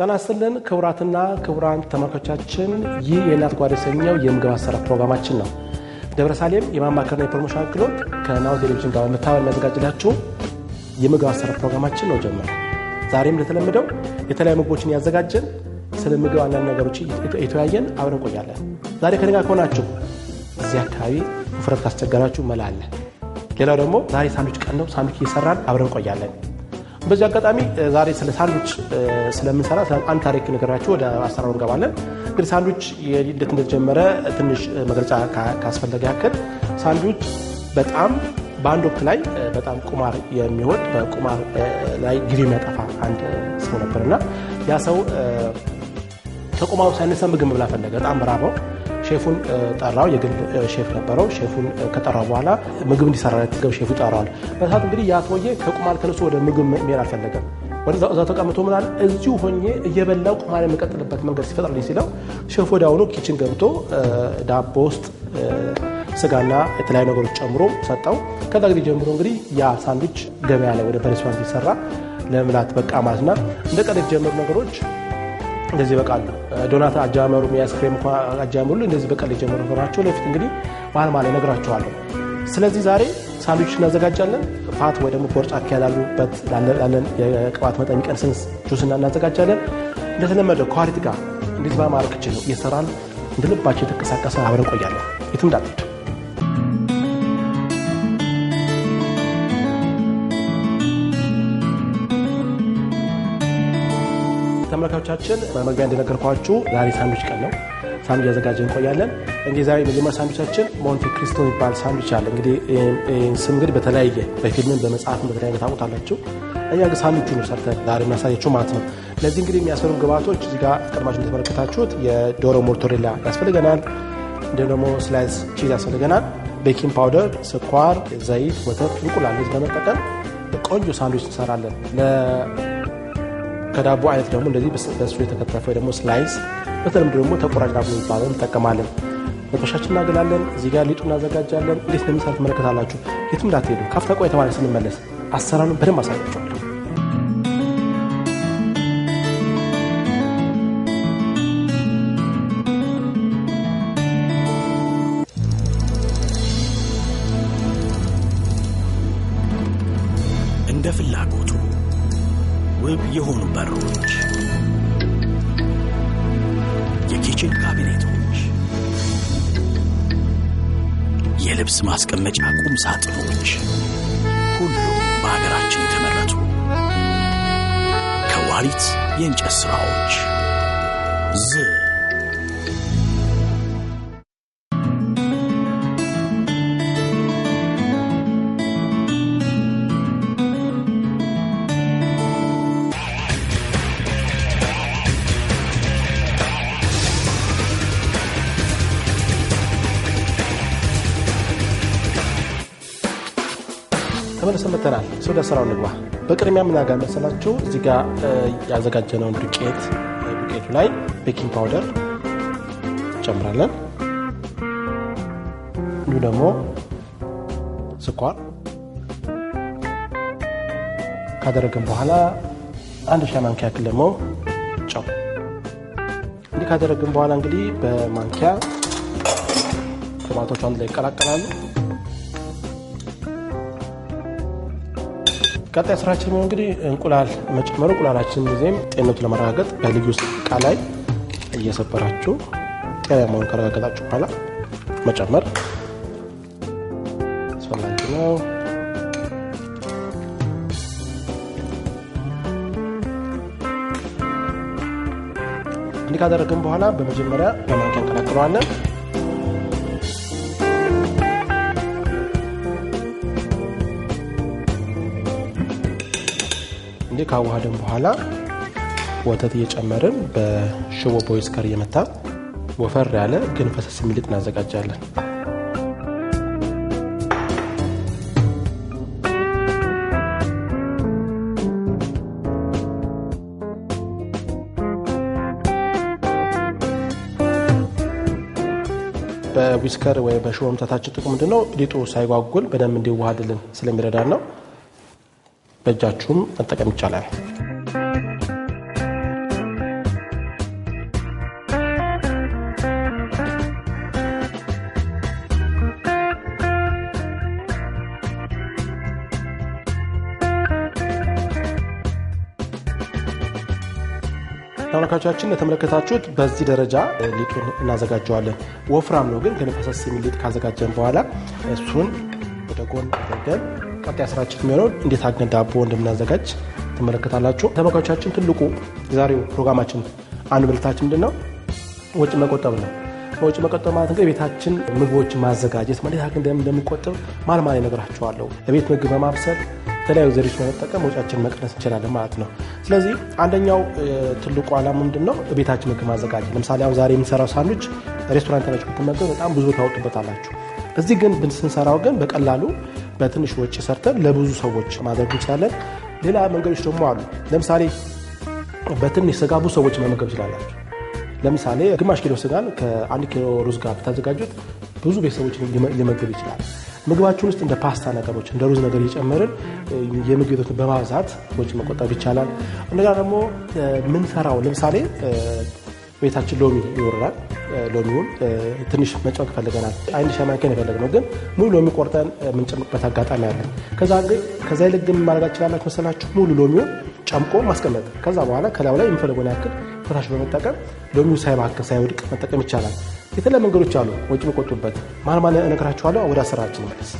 ጤና ይስጥልን ክቡራትና ክቡራን ተመልካቾቻችን ይህ የእናት ጓዳ የሰኘው የምግብ አሰራር ፕሮግራማችን ነው። ደብረሳሌም የማማከርና የፕሮሞሽን አገልግሎት ከናሁ ቴሌቪዥን ጋር በመተባበር የሚያዘጋጅላችሁ የምግብ አሰራር ፕሮግራማችን ነው ጀመረ። ዛሬም እንደተለመደው የተለያዩ ምግቦችን እያዘጋጀን ስለ ምግብ አንዳንድ ነገሮች የተወያየን አብረን እንቆያለን። ዛሬ ከኔ ከሆናችሁ እዚህ አካባቢ ውፍረት ካስቸገራችሁ መላ አለ። ሌላው ደግሞ ዛሬ ሳንዱች ቀን ነው። ሳንዱች እየሰራን አብረን እንቆያለን። በዚህ አጋጣሚ ዛሬ ስለ ሳንዱች ስለምንሰራ አንድ ታሪክ ነገራቸው ወደ አሰራሩ እንገባለን። እንግዲህ ሳንዱች እንዴት እንደተጀመረ ትንሽ መግለጫ ካስፈለገ ያክል ሳንዱች በጣም በአንድ ወቅት ላይ በጣም ቁማር የሚወድ በቁማር ላይ ግቢ የሚያጠፋ አንድ ሰው ነበርና ያ ሰው ከቁማሩ ሳይነሳ ምግብ መብላ ፈለገ። በጣም ራበው ሼፉን ጠራው። የግል ሼፍ ነበረው። ሼፉን ከጠራው በኋላ ምግብ እንዲሰራለት ገብ ሼፉ ጠራዋል። በሰዓቱ እንግዲህ ያቶዬ ከቁማል ተነሱ ወደ ምግብ መሄድ አልፈለገም። ወደዛ ተቀምጦ ምናል እዚሁ ሆኜ እየበላው ቁማል የምቀጥልበት መንገድ ሲፈጥርልኝ ሲለው ሼፍ ወዲያውኑ ኪችን ገብቶ ዳቦ ውስጥ ስጋና የተለያዩ ነገሮች ጨምሮ ሰጠው። ከዛ ጊዜ ጀምሮ እንግዲህ ያ ሳንዱች ገበያ ላይ ወደ በሬስቶራንት ሲሰራ ለምላት በቃ ማለት ና እንደ ቀደም ጀምር ነገሮች እንደዚህ ይበቃሉ። ዶናት አጃመሩ ያስክሬም እንኳ አጃመሩ እንደዚህ በቀል የጀመሩ ሆናቸው ለፊት እንግዲህ መሀል መሀል እነግራቸዋለሁ። ስለዚህ ዛሬ ሳንዱች እናዘጋጃለን። ፋት ወይ ደግሞ ቦርጫ ያላሉበት ላሉበት ላለን የቅባት መጠን የሚቀንስን ጁስና እናዘጋጃለን። እንደተለመደው ከዋሪት ጋር እንዴት በማድረግ እችል እየሰራን እንደ ልባቸው የተንቀሳቀሰ አብረን ቆያለን። የትም እንዳትሄዱ። ተመልካቾቻችን መመገቢያ እንደነገርኳችሁ ዛሬ ሳንዱች ቀን ነው። ሳንዱች ያዘጋጀ እንቆያለን። እንግዲህ ዛሬ መጀመሪያ ሳንዱቻችን ሞንቴ ክሪስቶ ይባል ሳንዱች አለ። እንግዲህ ስም እንግዲህ በተለያየ በፊልምን በመጽሐፍም በተለያየ ታቁት ታውቁታላችሁ። እኛ ግን ሳንዱቹ ነው ሰርተ ዛሬ እናሳያችሁ ማለት ነው። ለዚህ እንግዲህ የሚያስፈሉ ግባቶች እዚህ ጋር ቀድማችሁ እንደተመለከታችሁት የዶሮ ሞርቶሬላ ያስፈልገናል። እንዲሁም ደግሞ ስላይስ ቺዝ ያስፈልገናል። ቤኪንግ ፓውደር፣ ስኳር፣ ዘይት፣ ወተት፣ እንቁላል በመጠቀም ቆንጆ ሳንዱች እንሰራለን። ከዳቦ አይነት ደግሞ እንደዚህ በሱ የተከተፈ ወይ ደግሞ ስላይስ፣ በተለምዶ ደግሞ ተቆራጭ ዳቦ የሚባለው እንጠቀማለን። መጥበሻችን እናገላለን። እዚህ ጋር ሊጡ እናዘጋጃለን። እንዴት እንደምንሰራ ትመለከታላችሁ። የትም እንዳትሄዱ ካፍታ ቆይታ የተባለ ስንመለስ አሰራሩን በደንብ አሳያቸዋል። ካቢኔቶች፣ የልብስ ማስቀመጫ ቁም ሳጥኖች ሁሉም በሀገራችን የተመረቱ ከዋሪት የእንጨት ሥራዎች ዝር ተመልሰን መጥተናል። ወደ ስራው እንግባ። በቅድሚያ ምን ጋር መሰላችሁ እዚህ ጋር ያዘጋጀነውን ዱቄት ዱቄቱ ላይ ቤኪንግ ፓውደር እንጨምራለን። እንዲሁ ደግሞ ስኳር ካደረግን በኋላ አንድ ሻይ ማንኪያ ያክል ደግሞ ጨው እንዲህ ካደረግን በኋላ እንግዲህ በማንኪያ ቶማቶቹ አንድ ላይ ይቀላቀላሉ። ቀጣይ ስራችን እንግዲህ እንቁላል መጨመሩ እንቁላላችን ጊዜም ጤንነቱ ለመረጋገጥ በልዩ እቃ ላይ እየሰበራችሁ ጤና መሆን ከረጋገጣችሁ በኋላ መጨመር አስፈላጊ ነው። እንዲህ ካደረግን በኋላ በመጀመሪያ በማንኪያ እንቀላቅለዋለን። እንግዲህ ካዋሃደን በኋላ ወተት እየጨመርን በሽቦ ቦይስ ጋር እየመታ ወፈር ያለ ግን ፈሰስ የሚል እናዘጋጃለን። በዊስከር ወይ በሽቦ መምታታችን ጥቅሙ ምንድነው? ሊጡ ሳይጓጉል በደንብ እንዲዋሃድልን ስለሚረዳ ነው። በእጃችሁም መጠቀም ይቻላል። ተመልካቾቻችን የተመለከታችሁት በዚህ ደረጃ ሊጡን እናዘጋጀዋለን። ወፍራም ነው ግን ገንፈሰስ የሚል ሊጥ ካዘጋጀን በኋላ እሱን ወደ ጎን አድርገን ቀጣይ ስራችን የሚሆነውን እንዴት አግኘን ዳቦ እንደምናዘጋጅ ትመለከታላችሁ። ተመልካቾቻችን ትልቁ የዛሬው ፕሮግራማችን አንድ ብልታችን ምንድን ነው? ወጪ መቆጠብ ነው። ወጪ መቆጠብ ማለት እንግዲህ ቤታችን ምግቦች ማዘጋጀት ማለት አግኝተን እንደምንቆጥብ ማልማል እነግራችኋለሁ። ለቤት ምግብ በማብሰል የተለያዩ ዘዴዎች በመጠቀም ወጫችን መቀነስ እንችላለን ማለት ነው። ስለዚህ አንደኛው ትልቁ ዓላማ ምንድን ነው? ቤታችን ምግብ ማዘጋጀት። ለምሳሌ አሁን ዛሬ የምንሰራው ሳንዱች ሬስቶራንት ናቸው ብትመገብ በጣም ብዙ ታወጡበታላችሁ። እዚህ ግን ስንሰራው ግን በቀላሉ በትንሽ ወጪ ሰርተን ለብዙ ሰዎች ማድረግ እንችላለን። ሌላ መንገዶች ደግሞ አሉ። ለምሳሌ በትንሽ ስጋ ብዙ ሰዎች መመገብ ይችላላቸው። ለምሳሌ ግማሽ ኪሎ ስጋን ከአንድ ኪሎ ሩዝ ጋር ብታዘጋጁት ብዙ ቤተሰቦችን ሊመግብ ይችላል። ምግባችን ውስጥ እንደ ፓስታ ነገሮች እንደ ሩዝ ነገር እየጨመርን የምግብ ቤቶችን በማብዛት ወጪ መቆጠብ ይቻላል። እንደገና ደግሞ ምንሰራው ለምሳሌ ቤታችን ሎሚ ይወርዳል። ሎሚውን ትንሽ መጨመቅ ይፈልገናል። አንድ ሸማንከን የፈለግነው ግን ሙሉ ሎሚ ቆርጠን የምንጨምቅበት አጋጣሚ አለ። ከዛ ከዛ ይልቅ ግን ማድረግ ችላላችሁ መሰላችሁ ሙሉ ሎሚውን ጨምቆ ማስቀመጥ። ከዛ በኋላ ከላዩ ላይ የሚፈልገውን ያክል ፈታሽ በመጠቀም ሎሚው ሳይባክን ሳይወድቅ መጠቀም ይቻላል። የተለያዩ መንገዶች አሉ ወጪ መቆጡበት። ማን ማን እነግራችኋለሁ። ወደ አሰራችን መለስ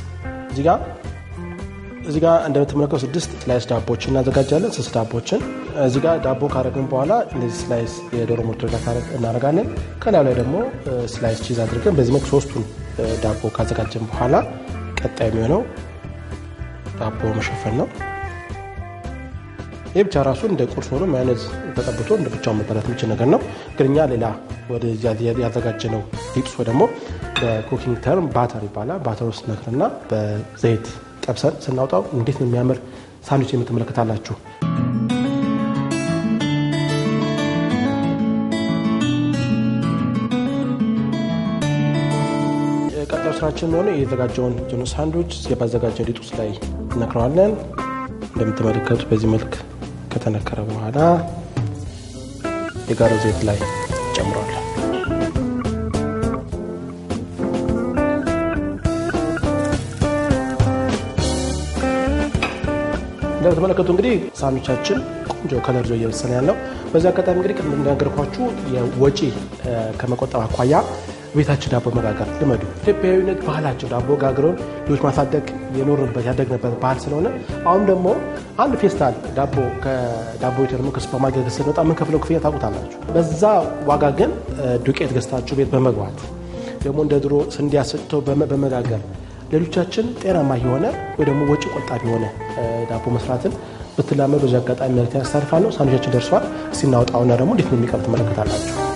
እዚህ ጋር እዚ ጋ እንደምትመለከው ስድስት ስላይስ ዳቦች እናዘጋጃለን። ስስ ዳቦችን እዚ ጋ ዳቦ ካረግን በኋላ እንደዚህ ስላይስ የዶሮ ምርቶች እናደርጋለን። ከላዩ ላይ ደግሞ ስላይስ ቺዝ አድርገን በዚህ መልክ ሶስቱን ዳቦ ካዘጋጀን በኋላ ቀጣይ የሚሆነው ዳቦ መሸፈን ነው። ይህ ብቻ ራሱ እንደ ቁርስ ሆኖ ማዮኔዝ ተጠብቶ እንደ ብቻውን መበላት የሚችል ነገር ነው። ግን እኛ ሌላ ወደ ነው ዲፕስ ደግሞ በኩኪንግ ተርም ባተር ይባላል። ባተር ውስጥ ነክርና በዘይት ጠብሰን ስናውጣው እንዴት ነው የሚያምር ሳንዱች የምትመለከታላችሁ። ቀጣዩ ስራችን የሆነ የተዘጋጀውን ጀኖ ሳንዱች ባዘጋጀው ሊጥ ውስጥ ላይ እነክረዋለን። እንደምትመለከቱት በዚህ መልክ ከተነከረ በኋላ የጋራ ዘይት ላይ ጨምሯል። ስትመለከቱ እንግዲህ ሳሚቻችን ቆንጆ ከለር ይዞ እየበሰለ ያለው። በዚህ አጋጣሚ እንግዲህ ቅድም እንደነገርኳችሁ የወጪ ከመቆጠብ አኳያ ቤታችን ዳቦ መጋገር ልመዱ። ኢትዮጵያዊነት ባህላችን ዳቦ ጋግረውን ልጆች ማሳደግ የኖርንበት ያደግንበት ባህል ስለሆነ አሁን ደግሞ አንድ ፌስታል ዳቦ ከዳቦ ቤት ደግሞ ከሱፐርማርኬት ገዝተን በጣም የምንከፍለው ክፍያ ታውቁታላችሁ። በዛ ዋጋ ግን ዱቄት ገዝታችሁ ቤት በመግባት ደግሞ እንደ ድሮ ስንዴ አስጥቶ በመጋገር ለልጆቻችን ጤናማ የሆነ ወይ ደግሞ ወጪ ቆጣቢ የሆነ ዳቦ መስራትን ብትላመዱ በዚህ አጋጣሚ መልዕክት ያሳልፋለሁ። ሳንዶቻችን ደርሰዋል። እስኪ እናውጣውና ደግሞ እንዴት ነው የሚቀርብ ትመለከታላችሁ።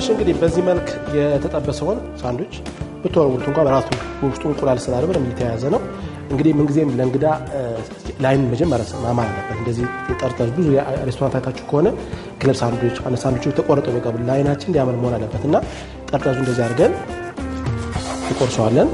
እሺ እንግዲህ በዚህ መልክ የተጠበሰውን ሳንዱች ብትወረውሩት እንኳ በራሱ ውስጡ እንቁላል ስላለ በደንብ እየተያያዘ ነው። እንግዲህ ምንጊዜም ለእንግዳ ላይን መጀመሪያ ማማር አለበት። እንደዚህ ጠርጠር ብዙ ሬስቶራንት አይታችሁ ከሆነ ክለብ ሳንዱች አነ ሳንዱች የተቆረጠ የሚቀብል ላይናችን እንዲያምር መሆን አለበት እና ጠርጠዙ እንደዚህ አድርገን እንቆርሰዋለን።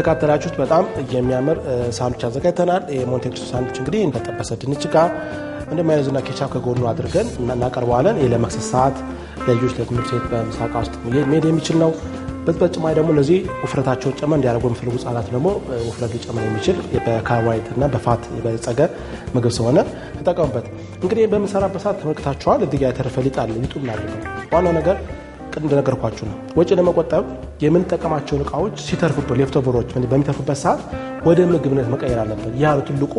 እንደተካተላችሁት በጣም የሚያምር ሳንዱች አዘጋጅተናል። የሞንቴክሪስቶ ሳንዱች እንግዲህ እንደጠበሰ ድንች ጋር እንደ ኬቻፕ ከጎኑ አድርገን እናቀርበዋለን። ለመክሰስ ሰዓት ለልጆች ለትምህርት ቤት በምሳቃ ውስጥ መሄድ የሚችል ነው። በተጨማሪ ደግሞ ለዚህ ውፍረታቸውን ጨመር እንዲያደርጉ የሚፈልጉ ህጻናት ደግሞ ውፍረት ሊጨምር የሚችል በካርቦሃይድሬት እና በፋት የበለጸገ ምግብ ስለሆነ ተጠቀሙበት። እንግዲህ በምሰራበት ሰዓት ተመልክታችኋል። እዚህ የተረፈ ሊጥ አለ። ሊጡ ምናደርገው ዋናው ነገር እንደነገርኳችሁ ነው። ወጪ ለመቆጠብ የምንጠቀማቸውን እቃዎች ሲተርፉበት ሌፍቶቨሮች በሚተርፉበት ሰዓት ወደ ምግብነት መቀየር አለበት ይህ ትልቁ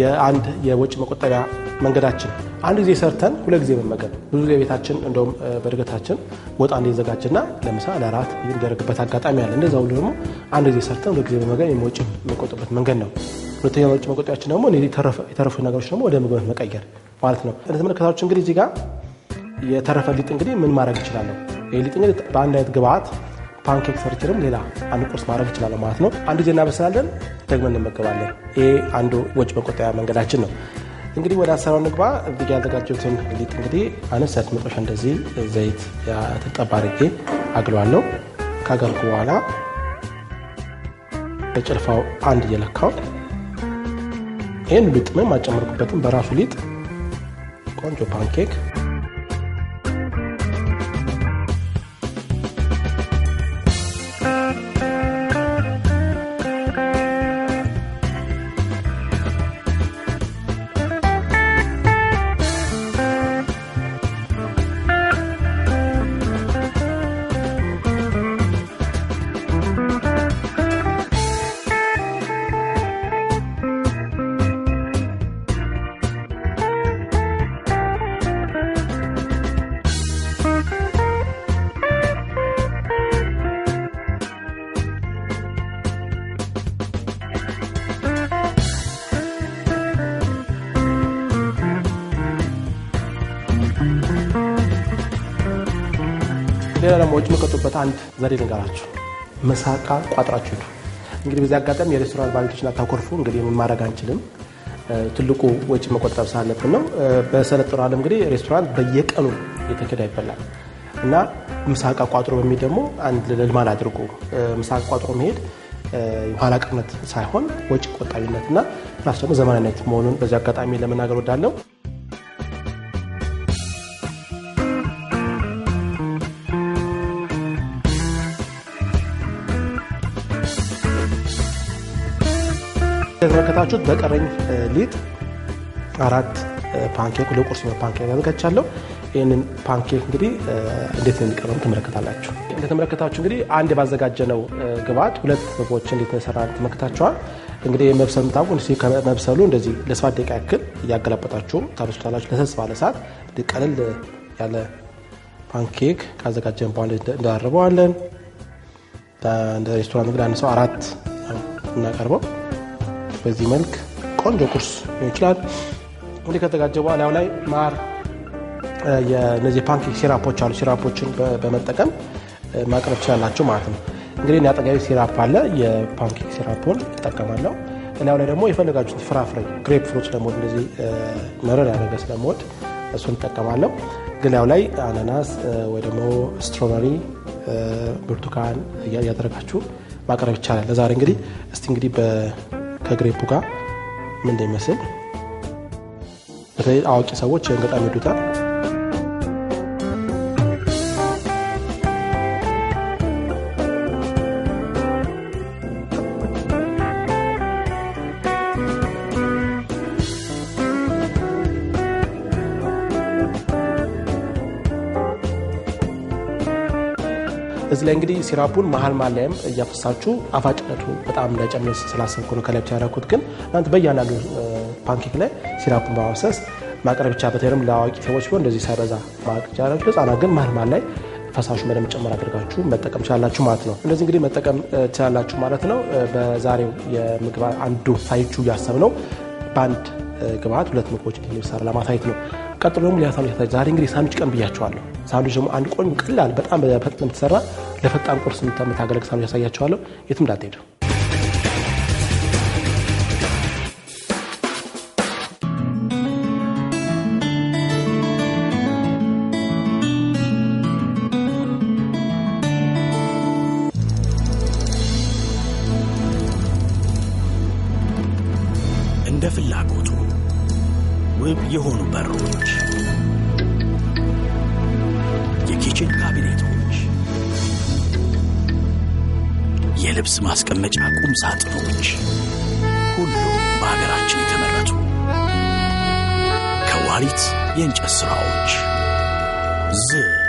የአንድ የወጪ መቆጠቢያ መንገዳችን። አንድ ጊዜ ሰርተን ሁለት ጊዜ መመገብ። ብዙ ጊዜ ቤታችን እንደውም በእድገታችን ወጣ እንዲዘጋጅና ለምሳ ለራት የሚደረግበት አጋጣሚ አለ። እንደዛ ሁሉ ደግሞ አንድ ጊዜ ሰርተን ሁለት ጊዜ መመገብ የወጪ መቆጠበት መንገድ ነው። ሁለተኛ ወጪ መቆጠቢያችን ደግሞ የተረፉ ነገሮች ደግሞ ወደ ምግብነት መቀየር ማለት ነው። እንደተመለከታችሁ እንግዲህ እዚህ ጋር የተረፈ ሊጥ እንግዲህ ምን ማድረግ ይችላለሁ? የሊጥኝ በአንድ አይነት ግብአት ፓንኬክ ሰርችንም ሌላ አንድ ቁርስ ማድረግ ይችላለ ማለት ነው። አንድ ጊዜ እናበስላለን፣ ደግመን እንመገባለን። ይሄ አንዱ ወጭ መቆጠያ መንገዳችን ነው። እንግዲህ ወደ አሰራው ንግባ። እዚህ ያዘጋጀሁትን ሊጥ እንግዲህ አነሳት መጦሻ እንደዚህ ዘይት ተጠባርጌ አግሏለሁ። አግለዋለሁ። ካገልኩ በኋላ በጭልፋው አንድ እየለካው ይህን ሊጥ ምንም አጨመርኩበትም። በራሱ ሊጥ ቆንጆ ፓንኬክ ሌላ ደግሞ ወጪ መከቱበት አንድ ዘዴ ንገራቸው። መሳቃ ቋጥራችሁ ሄዱ። እንግዲህ በዚህ አጋጣሚ የሬስቶራንት ባለቤቶች እናታኮርፉ። እንግዲህ ምን ማድረግ አንችልም። ትልቁ ወጪ መቆጠብ ስላለብን ነው። በሰለጠነው ዓለም እንግዲህ ሬስቶራንት በየቀኑ የተኬዳ ይበላል እና ምሳቃ ቋጥሮ በሚል ደግሞ አንድ ልማድ አድርጎ ምሳቃ ቋጥሮ መሄድ የኋላ ቅርነት ሳይሆን ወጪ ቆጣቢነትና ፕላስ ደግሞ ዘመናዊነት መሆኑን በዚህ አጋጣሚ ለመናገር ወዳለው የተመለከታችሁት በቀረኝ ሊጥ አራት ፓንኬክ ለቁርስ ነው ፓንኬክ ያዘጋጃለሁ። ይህንን ፓንኬክ እንግዲህ እንዴት እንደሚቀርብ ትመለከታላችሁ። እንደተመለከታችሁ እንግዲህ አንድ ባዘጋጀነው ግብአት ሁለት ምግቦች እንዴት ተሰራ ተመለከታችኋል። እንግዲህ የመብሰሉ ታውቁ እ ከመብሰሉ እንደዚህ ለሰባት ደቂቃ ያክል እያገላበጣችሁ ታበስሉታላችሁ። ለሰስ ባለ ሰዓት ቀለል ያለ ፓንኬክ ካዘጋጀን በኋላ እንዳርበዋለን። እንደ ሬስቶራንት እንግዲህ አንድ ሰው አራት እናቀርበው በዚህ መልክ ቆንጆ ቁርስ ይችላል። እንዲህ ከተጋጀ በኋላ ያው ላይ ማር የነዚህ ፓንኬክ ሲራፖች አሉ። ሲራፖችን በመጠቀም ማቅረብ ይችላላቸው ማለት ነው። እንግዲህ እኔ ሲራፕ አለ። የፓንኬክ ሲራፖን እጠቀማለሁ። እላዩ ላይ ደግሞ የፈለጋችሁት ፍራፍሬ ግሬፕ ፍሩት ስለምወድ እንደዚህ መረር ያደረገ ስለምወድ እሱን እጠቀማለሁ። ግን ያው ላይ አናናስ ወይ ደግሞ ስትሮበሪ፣ ብርቱካን እያደረጋችሁ ማቅረብ ይቻላል። ለዛሬ እንግዲህ እስቲ እንግዲህ ከግሬፑ ጋር ምን እንደሚመስል በተለይ አዋቂ ሰዎች ይህን በጣም ይወዱታል። እዚ ላይ እንግዲህ ሲራፑን መሀል መሀል ላይም እያፈሳችሁ አፋጭነቱ በጣም እንዳይጨምር ስላሰብኩ ነው ከላይ ብቻ ያደረኩት። ግን እናንተ በእያንዳንዱ ፓንኬክ ላይ ሲራፑን በማፍሰስ ማቅረብ ብቻ በተለይም ለአዋቂ ሰዎች ቢሆን እንደዚህ ሳይበዛ ማቅረብ ቻላችሁ። ህጻናት ግን መሀል ማል ላይ ፈሳሹ በደንብ ጨመር አድርጋችሁ መጠቀም ትችላላችሁ ማለት ነው። እንደዚህ እንግዲህ መጠቀም ትችላላችሁ ማለት ነው። በዛሬው የምግብ አንዱ ሳይቹ እያሰብ ነው በአንድ ግብአት ሁለት ምግቦች የሚሰራ ለማሳየት ነው። ቀጥሎ ደግሞ ሌላ ሳንዱች ዛሬ እንግዲህ ሳንዱች ቀን ብያቸዋለሁ። ሳንዱች ደግሞ አንድ ቆንጆ ቀላል በጣም በፍጥነት የምትሰራ ለፈጣን ቁርስ የምታገለግል ሳንዱች ያሳያቸዋለሁ። የትም እንዳትሄዱ። የልብስ ማስቀመጫ ቁም ሳጥኖች ሁሉ በሀገራችን የተመረቱ ከዋሪት የእንጨት ሥራዎች ዝ